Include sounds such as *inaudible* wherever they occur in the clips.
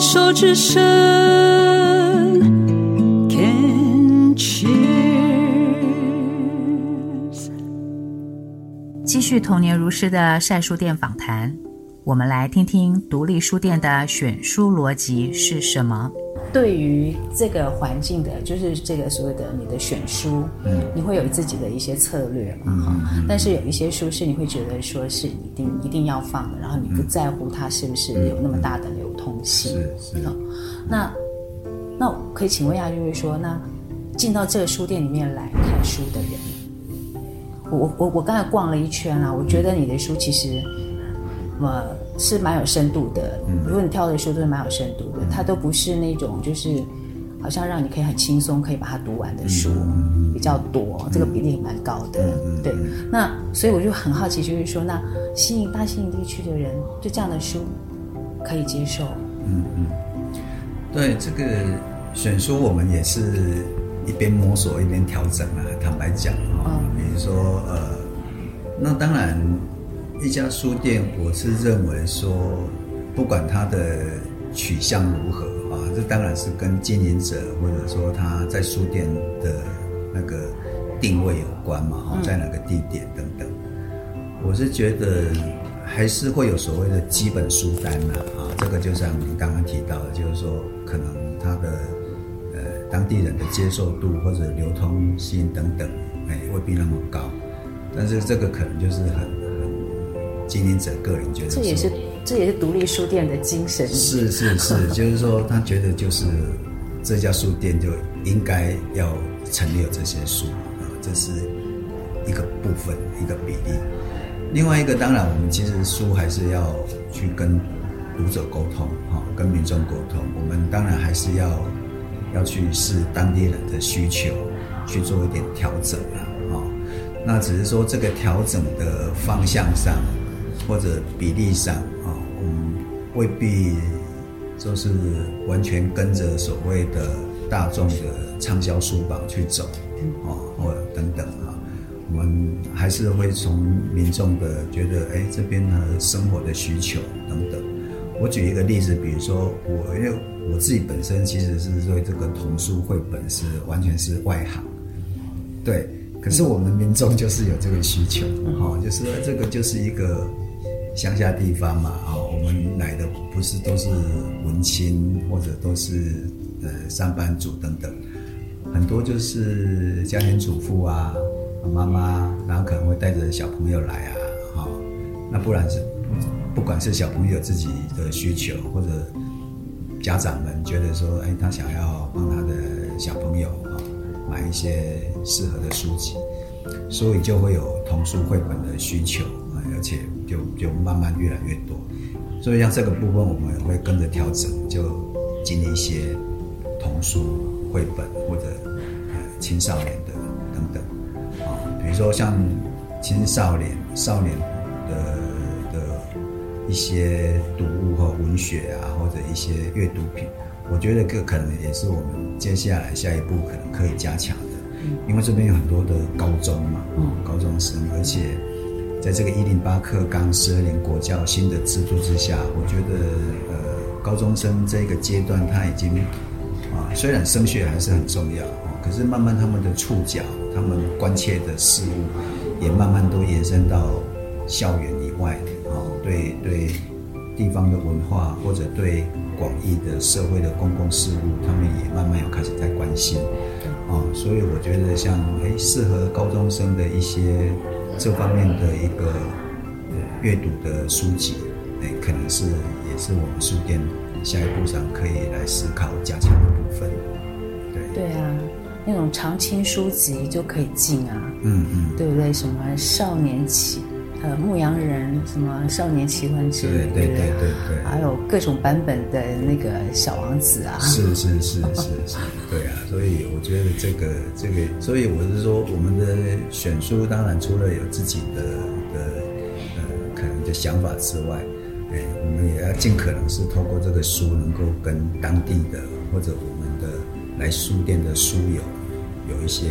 手之伸，can choose 繼續童年如詩的曬書店訪談，我們來聽聽獨立書店的選書邏輯是什麼？對於這個環境的，就是這個所謂的你的選書，你會有自己的一些策略嘛？哈，但是有一些書是你會覺得說是一定一定要放的，然後你不在乎它是不是有那麼大的。行，哦，那那我可以請問一下，就是說，那進到這個書店裡面來看書的人，我我我剛才逛了一圈啊，我覺得你的書其實呃是蠻有深度的，如果你挑的書都是蠻有深度的，它都不是那種就是好像讓你可以很輕鬆可以把它讀完的書比較多，這個比例蠻高的，對。那所以我就很好奇，就是說，那新營大新營地區的人對這樣的書可以接受？嗯嗯，對這個選書，我們也是一邊摸索一邊調整啊。坦白講啊，比如說呃，那當然一家書店，我是認為說，不管它的取向如何啊，這當然是跟經營者或者說他在書店的那個定位有關嘛，哈，在哪個地點等等，我是覺得。還是會有所謂的基本書單吶、啊，啊，這個就像您剛剛提到的，就是說可能他的呃當地人的接受度或者流通性等等，哎，未必那麼高。但是這個可能就是很很經營者個人覺得這也是這也是獨立書店的精神。是是是，是是 *laughs* 就是說他覺得就是這家書店就應該要陳列這些書啊，這是一個部分一個比例。另外一個，當然，我們其實書還是要去跟讀者溝通，哈，跟民眾溝通。我們當然還是要要去試當地人的需求去做一點調整了，哈。那只是說，這個調整的方向上或者比例上，啊，我們未必就是完全跟着所謂的大眾的暢銷書榜去走，啊，或等等。還是會從民眾的覺得，哎，這邊呢生活的需求等等。我舉一個例子，比如說我，我因為我自己本身其實是對這個童書繪本是完全是外行，對。可是我們民眾就是有這個需求，哈、哦，就是這個就是一個鄉下地方嘛，啊、哦，我們來的不是都是文青或者都是呃上班族等等，很多就是家庭主婦啊。媽媽，然後可能會帶着小朋友來啊，好，那不然是不，不管是小朋友自己的需求，或者家長們覺得說，哎，他想要幫他的小朋友啊，買一些適合的書籍，所以就會有童書繪本的需求啊，而且就就慢慢越來越多，所以像這個部分，我們也會跟着調整，就進一些童書繪本或者青少年，比如說像青少年、少年的的一些讀物和文學啊，或者一些閱讀品，我覺得這可能也是我們接下來下一步可能可以加強的。因為這邊有很多的高中嘛，高中生，而且在這個一零八課綱十二年國教新的制度之下，我覺得呃，高中生這個階段他已經啊，雖然升學還是很重要，可是慢慢他們的觸角。他們關切的事物，也慢慢都延伸到校園以外的對對，對地方的文化或者對廣義的社會的公共事務，他們也慢慢有開始在關心。啊，所以我覺得像誒適合高中生的一些這方面的一個閱讀的書籍，誒可能是也是我們書店下一步上可以來思考加強的部分。對對啊。那種常青書籍就可以進啊，嗯嗯，對不對？什麼少年奇，呃，牧羊人，什麼少年奇幻之旅、啊，對對對對對，對，還有各種版本的那個小王子啊，是是是是是，對啊。所以我覺得這個這個，所以我是說，我們的選書當然除了有自己的的呃可能的想法之外，哎，我們也要盡可能是透過這個書，能夠跟當地的或者我們。來書店的書友有一些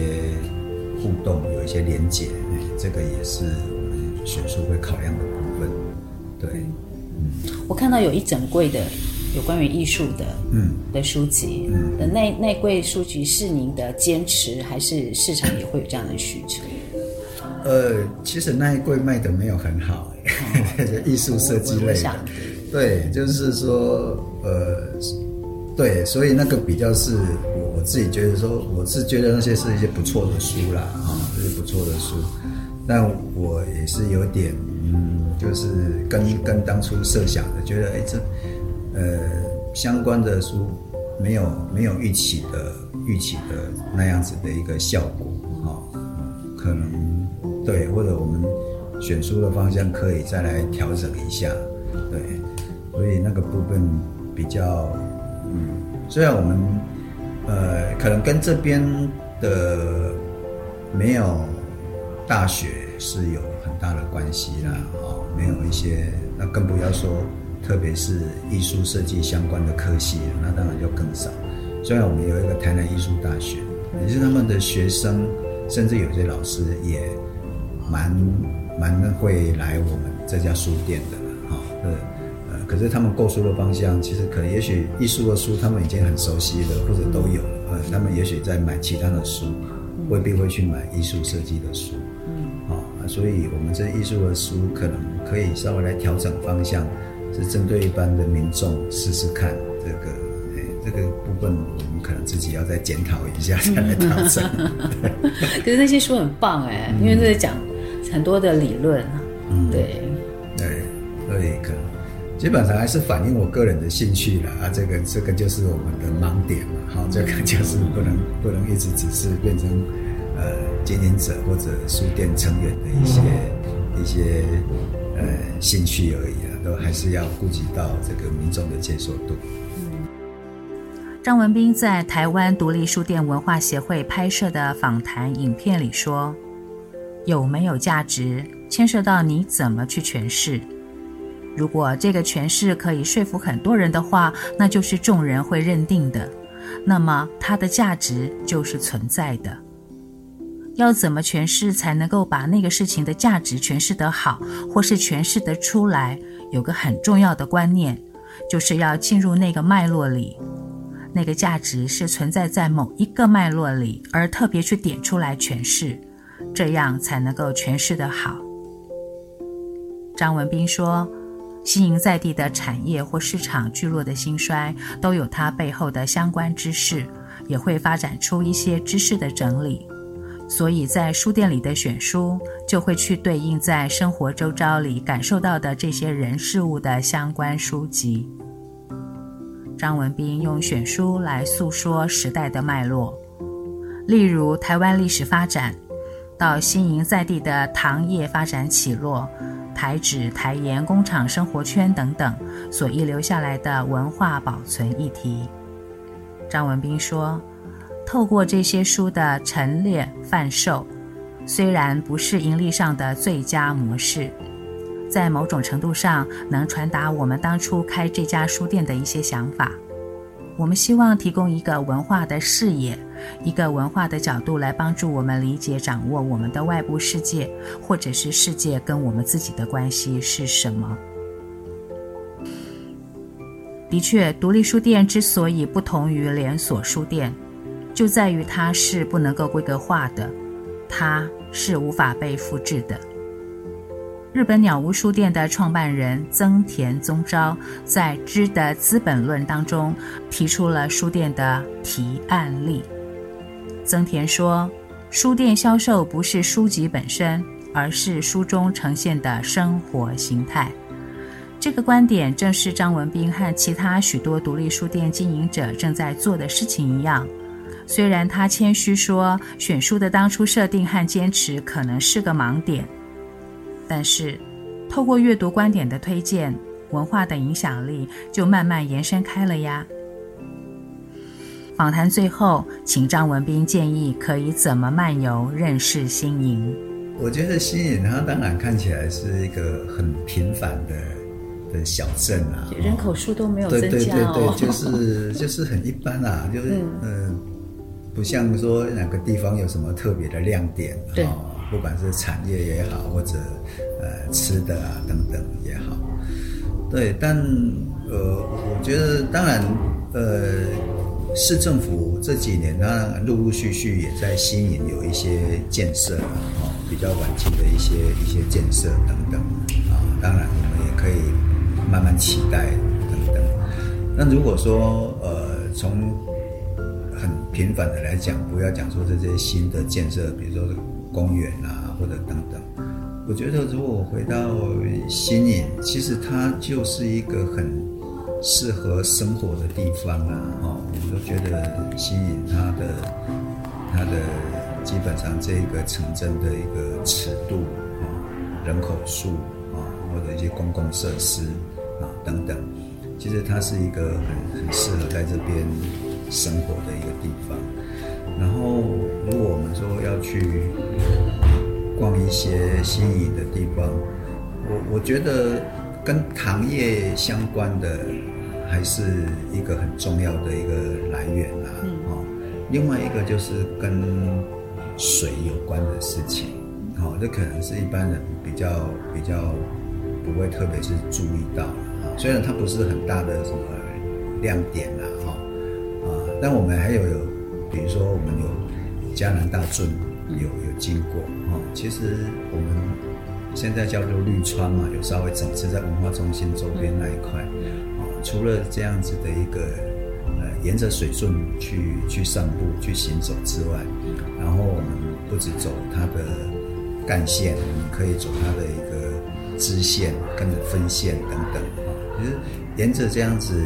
互動，有一些連接，嗯，這個也是我們選書會考量的部分。對，嗯，我看到有一整櫃的有關於藝術的，嗯，的書籍，嗯，的那那櫃書籍是您的堅持，還是市場也會有這樣的需求，嗯？呃，其實那一櫃賣的沒有很好，欸，嗯， *laughs* 藝術設計類，嗯，對，就是說，呃，對，所以那個比較是。嗯自己覺得說，我是覺得那些是一些不錯的書啦，啊、哦，這些不錯的書。但我也是有點，嗯，就是跟跟當初設想的，覺得哎這，呃，相關的書沒有沒有預期的預期的那樣子的一個效果，哈、哦，可能對，或者我們選書的方向可以再來調整一下，對，所以那個部分比較，嗯，雖然我們。呃，可能跟這邊的沒有大學是有很大的關係啦，哦，沒有一些，那更不要說，特別是藝術設計相關的科系，那當然就更少。雖然我們有一個台南藝術大學，也就是他們的學生，甚至有些老師也蠻蠻會來我們這家書店的，哦，對。可是他們購書的方向，其實可能也許藝術的書他們已經很熟悉了，或者都有，他們也許在買其他的書，未必會去買藝術設計的書，嗯，啊，所以我們這藝術的書可能可以稍微來調整方向，是針對一般的民眾試試看這個，哎，這個部分我們可能自己要再檢討一下再來調整、嗯。對，可是那些書很棒哎、欸嗯，因為這是講很多的理論，對、嗯、對，對，我、嗯、也基本上還是反映我個人的興趣了啊，這個這個就是我們的盲點好，哦，這個就是不能不能一直只是變成呃經營者或者書店成員的一些一些呃興趣而已啊，都還是要顧及到這個民眾的接受度。張文彬在台灣獨立書店文化協會拍攝的訪談影片裡說：“有沒有價值，牽涉到你怎麼去詮釋。”如果這個詮釋可以說服很多人的話，那就是眾人會認定的，那麼它的價值就是存在的。要怎麼詮釋才能夠把那個事情的價值詮釋得好，或是詮釋得出來？有個很重要的觀念，就是要進入那個脈絡裡，那個價值是存在在某一個脈絡裡，而特別去點出來詮釋，這樣才能夠詮釋得好。張文彬說。新營在地的產業或市場聚落的興衰，都有它背後的相關知識，也會發展出一些知識的整理。所以在書店裡的選書，就會去對應在生活周遭裡感受到的這些人事物的相關書籍。張文彬用選書來訴說時代的脈絡，例如台灣歷史發展，到新營在地的糖業發展起落。台紙、台鹽工廠生活圈等等，所遺留下來的文化保存議題。張文彬說：“透過這些書的陳列販售，雖然不是盈利上的最佳模式，在某種程度上能傳達我們當初開這家書店的一些想法。”我們希望提供一個文化的視野，一個文化的角度來幫助我們理解、掌握我們的外部世界，或者是世界跟我們自己的關係是什麼。的確，獨立書店之所以不同於連鎖書店，就在於它是不能夠規格化的，它是無法被複製的。日本蔦屋書店的創辦人增田宗昭在《知的資本論》當中提出了書店的提案例。增田說：“書店銷售不是書籍本身，而是書中呈現的生活形態。”這個觀點正是張文彬和其他許多獨立書店經營者正在做的事情一樣。雖然他謙虛說，選書的當初設定和堅持可能是個盲點。但是，透過閱讀觀點的推薦，文化的影響力就慢慢延伸開了呀。訪談最後，請張文彬建議可以怎麼漫遊認識新營。我覺得新營它當然看起來是一個很平凡的的小鎮啊，人口數都沒有增加。哦，對，對對對，就是就是很一般啊， *laughs* 就是嗯、呃，不像說哪個地方有什麼特別的亮點不管是產業也好，或者呃吃的啊等等也好，對，但呃，我覺得當然，呃，市政府這幾年當然，陸陸續續也在新營有一些建設啊、哦，比較晚期的一些一些建設等等啊、哦，當然我們也可以慢慢期待等等。那如果說呃，從很平凡的來講，不要講說這些新的建設，比如說。公園啊，或者等等，我覺得如果我回到新營，其實它就是一個很適合生活的地方啊。哦，我們都覺得新營它的它的基本上這個城鎮的一個尺度啊、哦、人口數啊、哦，或者一些公共設施啊、哦、等等，其實它是一個很很適合在這邊生活的一個地方。然後，如果我們說要去逛一些新營的地方，我我覺得跟行業相關的還是一個很重要的一個來源啦、啊。哦，另外一個就是跟水有關的事情。哦，這可能是一般人比較比較不會特別是注意到、哦，雖然它不是很大的什麼亮點啦、啊，哈、哦、啊，但我們還有。比如說，我們有嘉南大圳，有有經過啊。其實我們現在叫做綠川嘛，有稍微整治在文化中心周邊那一塊啊。除了這樣子的一個呃，沿着水圳去去散步、去行走之外，然後我們不只走它的幹線，我們可以走它的一個支線、跟着分線等等啊。就是沿着這樣子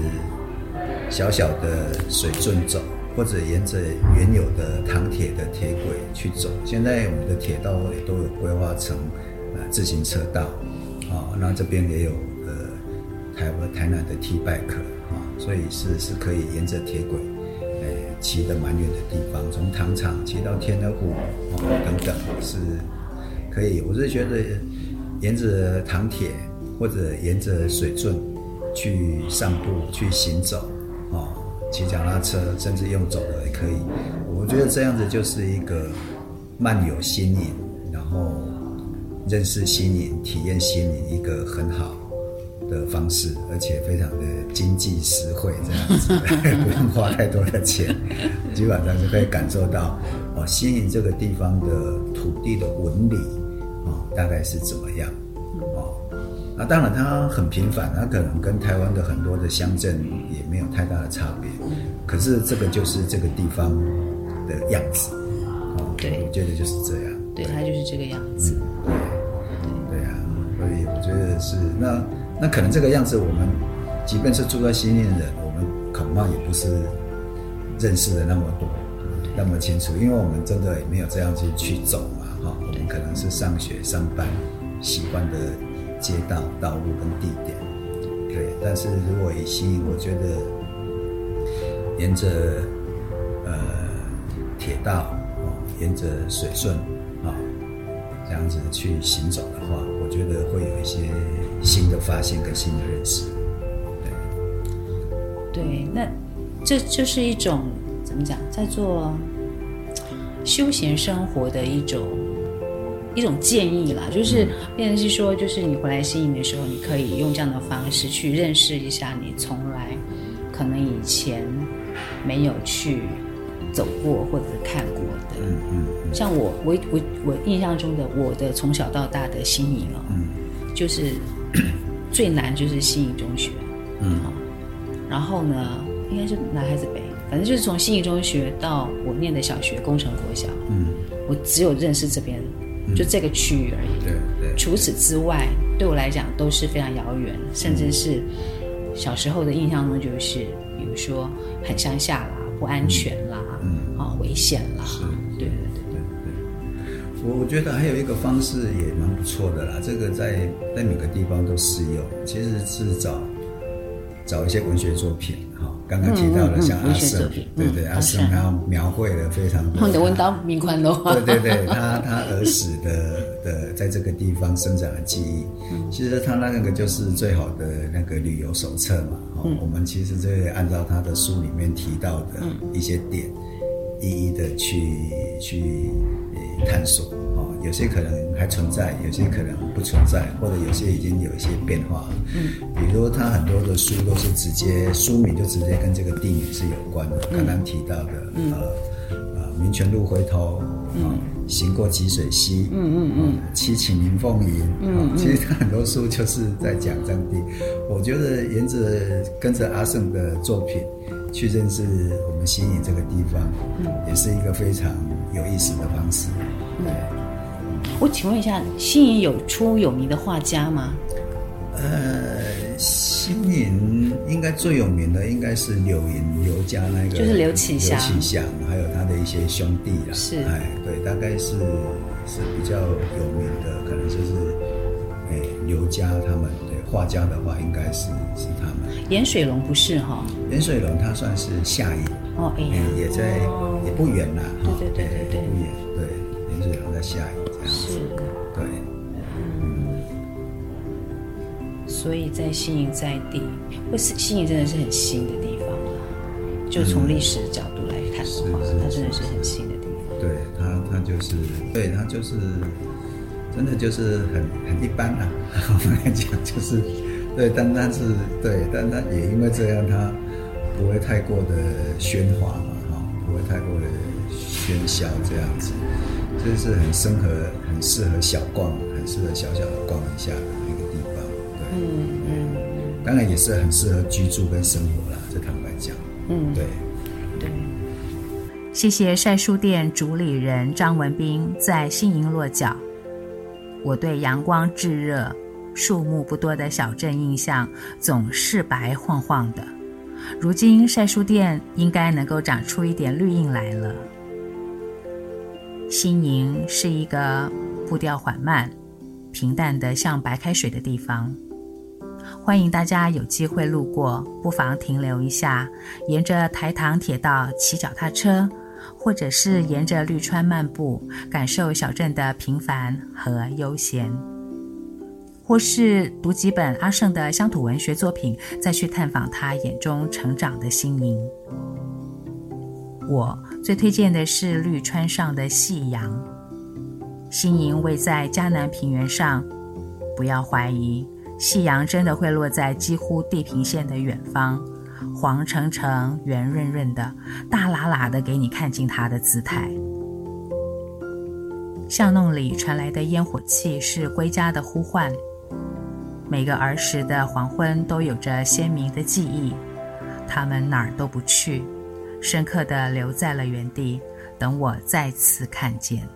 小小的水圳走。或者沿着原有的糖鐵的鐵軌去走，現在我們的鐵道也都有規劃成呃自行車道，啊，那這邊也有呃台灣台南的 T Bike 啊，所以是是可以沿着鐵軌騎得蠻遠的地方，從糖廠騎到天鵝湖，啊等等是可以，我是覺得沿着糖鐵或者沿着水圳去散步去行走。騎腳踏車，甚至用走的也可以。我覺得這樣子就是一個漫遊新營，然後認識新營、體驗新營一個很好的方式，而且非常的經濟實惠，這樣子 *laughs* *laughs* 不用花太多的錢，基本上就可以感受到哦，新營這個地方的土地的紋理啊、哦，大概是怎麼樣。啊、當然他頻繁，它很平凡，它可能跟台灣的很多的鄉鎮也沒有太大的差別。可是，這個就是這個地方的樣子、嗯。對，我覺得就是這樣。對，它就是這個樣子。嗯、對、對、嗯。對啊，所以我覺得是那那可能這個樣子，我們即便是住在新營的人，我們恐怕也不是認識的那麼多、那麼清楚，因為我們真的也沒有這樣子去走嘛，哈、哦。我們可能是上學、上班習慣的街道、道路跟地點，對。但是如果一心我覺得沿着呃鐵道、哦、沿着水順啊、哦、這樣子去行走的話，我覺得會有一些新的發現跟新的認識，對。對，那這就是一種怎麼講，在做休閒生活的一種。一種建議啦，就是，變成是說，就是你回來新營的時候，你可以用這樣的方式去認識一下你從來可能以前沒有去走過或者是看過的。嗯嗯，嗯。像我，我我我印象中的我的從小到大的新營哦、嗯，就是最難就是新營中學，嗯、啊，然後呢，應該是南還是北，反正就是從新營中學到我念的小學工程國小，嗯，我只有認識這邊。就這個區域而已。嗯、對對。除此之外，對我來講都是非常遙遠，甚至是小時候的印象中就是，比如說很鄉下啦，不安全啦，嗯，啊、嗯哦，危險啦。是。對對對對對。我我覺得還有一個方式也蠻不錯的啦，這個在在每個地方都適用。其實是找找一些文學作品。剛剛提到了像阿盛，嗯嗯嗯，對對，嗯、阿盛他描繪了非常多的文章名款咯。對對對，他他兒時的的在這個地方生長的記憶，嗯，其實他那個就是最好的那個旅遊手冊嘛。嗯哦，我們其實就按照他的書裡面提到的一些點，一一的去，嗯，去探索。有些可能還存在，有些可能不存在，或者有些已經有一些變化了。嗯，比如他很多的書都是直接書名就直接跟這個地名是有關的、嗯，剛剛提到的，嗯呃呃、民權路回頭，呃、嗯，行過急水溪，嗯嗯嗯，七情林鳳營、呃、嗯，其實他很多書就是在講當地、嗯。我覺得沿着跟着阿盛的作品去認識我們新營這個地方、嗯，也是一個非常有意思的方式。嗯、對。我請問一下，新營有出有名的畫家嗎？呃，新營應該最有名的應該是柳營劉家那個，就是劉啟祥，劉啟祥，還有他的一些兄弟啦。是，哎，對，大概是是比較有名的，可能就是哎劉家他們，對，畫家的話，應該是是他們。顏水龍不是哈、哦？顏水龍他算是下營。哦，哎，也在也不遠啦，對對對對對，不遠。對，顏水龍在下營。對、嗯，所以，在新營在地，不是新營真的是很新的地方，就從歷史的角度來看、嗯、它真的是很新的地方。是是是是，對它，它就是，對它就是，真的就是很很一般啊。我們來講，就是對，但但是對，但但也因為這樣，它不會太過的喧嘩嘛，哈、哦，不會太過的喧囂這樣子。這是很適合、很適合小逛、很適合小小的逛一下的一個地方，對，嗯嗯，當然也是很適合居住跟生活啦，這坦白講，嗯對，對，對。謝謝曬書店主理人張文彬在新營落腳。我對陽光炙熱、樹木不多的小鎮印象總是白晃晃的，如今曬書店應該能夠長出一點綠意來了。新營是一個步調緩慢、平淡的，像白開水的地方，歡迎大家有機會路過，不妨停留一下，沿着台糖鐵道騎腳踏車，或者是沿着綠川漫步，感受小鎮的平凡和悠閒，或是讀幾本阿盛的鄉土文學作品，再去探訪他眼中成長的新營。我最推薦的是綠川上的夕陽，新營位在嘉南平原上，不要懷疑，夕陽真的會落在幾乎地平線的遠方，黃澄澄、圓潤潤的，大喇喇的給你看盡它的姿態。巷弄裡傳來的煙火氣是歸家的呼喚，每個兒時的黃昏都有着鮮明的記憶，他們哪兒都不去，深刻的留在了原地，等我再次看見。